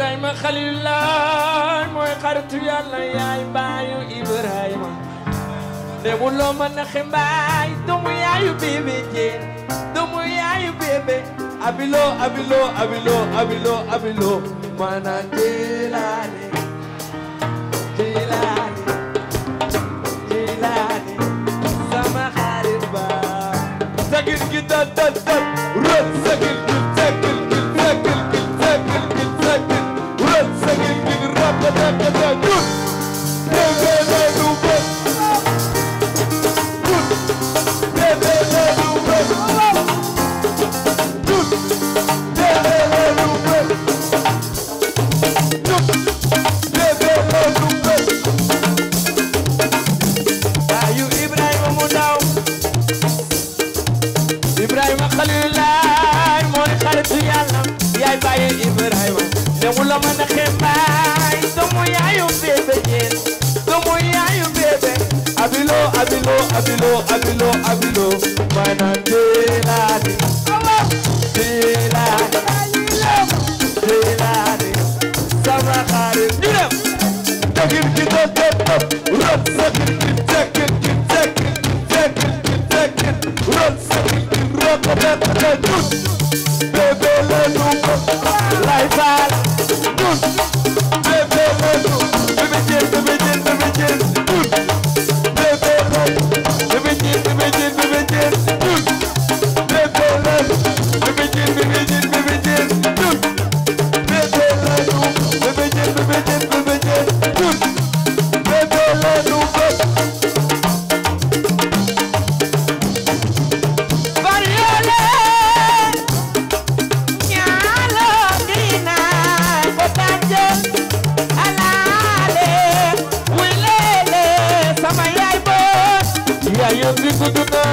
Ibrahima Xalilullah mooy xaritu yàlla yaay baayu Ibrahima lébu loo mën a ximbaay yaayu bébé jéen doomu yaayu bébé abilo abilo abilo abilo abilo mana jilaani jilaani sama xarit gi dat dat dat rët sagil gi Ibrahima xalilaay mooy xaritu yàlla yaay bàyyi Ibrahima ne mu la mën a abilo abilo abilo mana telani telani telani sama xaare ñu dem tegin ki do top rot segin ki tegin ki tegin tegin ki tegin rot segin ki rot rot rot bébé le nouveau lifestyle yóbbi gudd na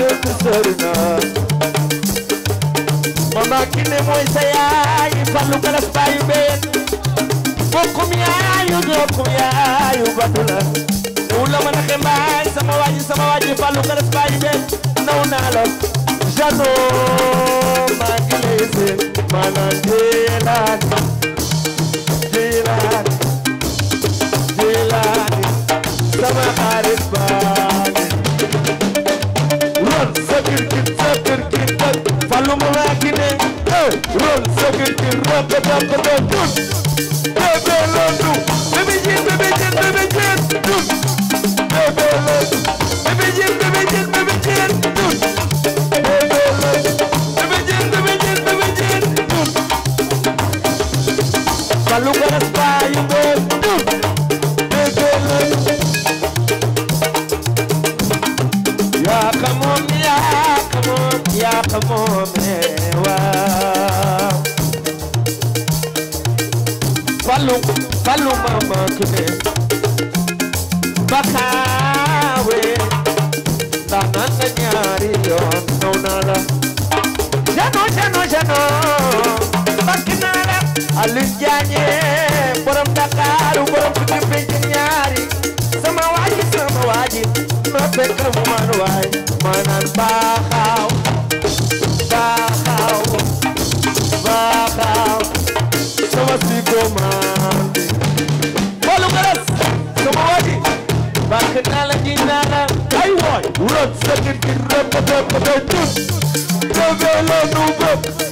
yóbbi sori na mama Kiné mooy sa yaay Fallou Galas baayu been bokkum yaayu dokkum yaayu batu la wula ma naxe mbaay sama waaji sama waaji Fallou Galas baayu been naw la jano maa ngi lay seen roll security rock it up and then dun baby London baby jean baby jean baby jean dun baby London baby jean Fallou Fallou ma manque ne bakaawe ndax naan na ñaari yoon naw naa la jano jano jano bakk naa la Aliou Njaañe borom Dakaaru borom ku jubbe ci ñaari sama waaji sama waaji ma fekk mu man waay ma naan baaxaaw boy, run, second, get rep, rep, rep, rep, rep, rep, rep, rep, rep,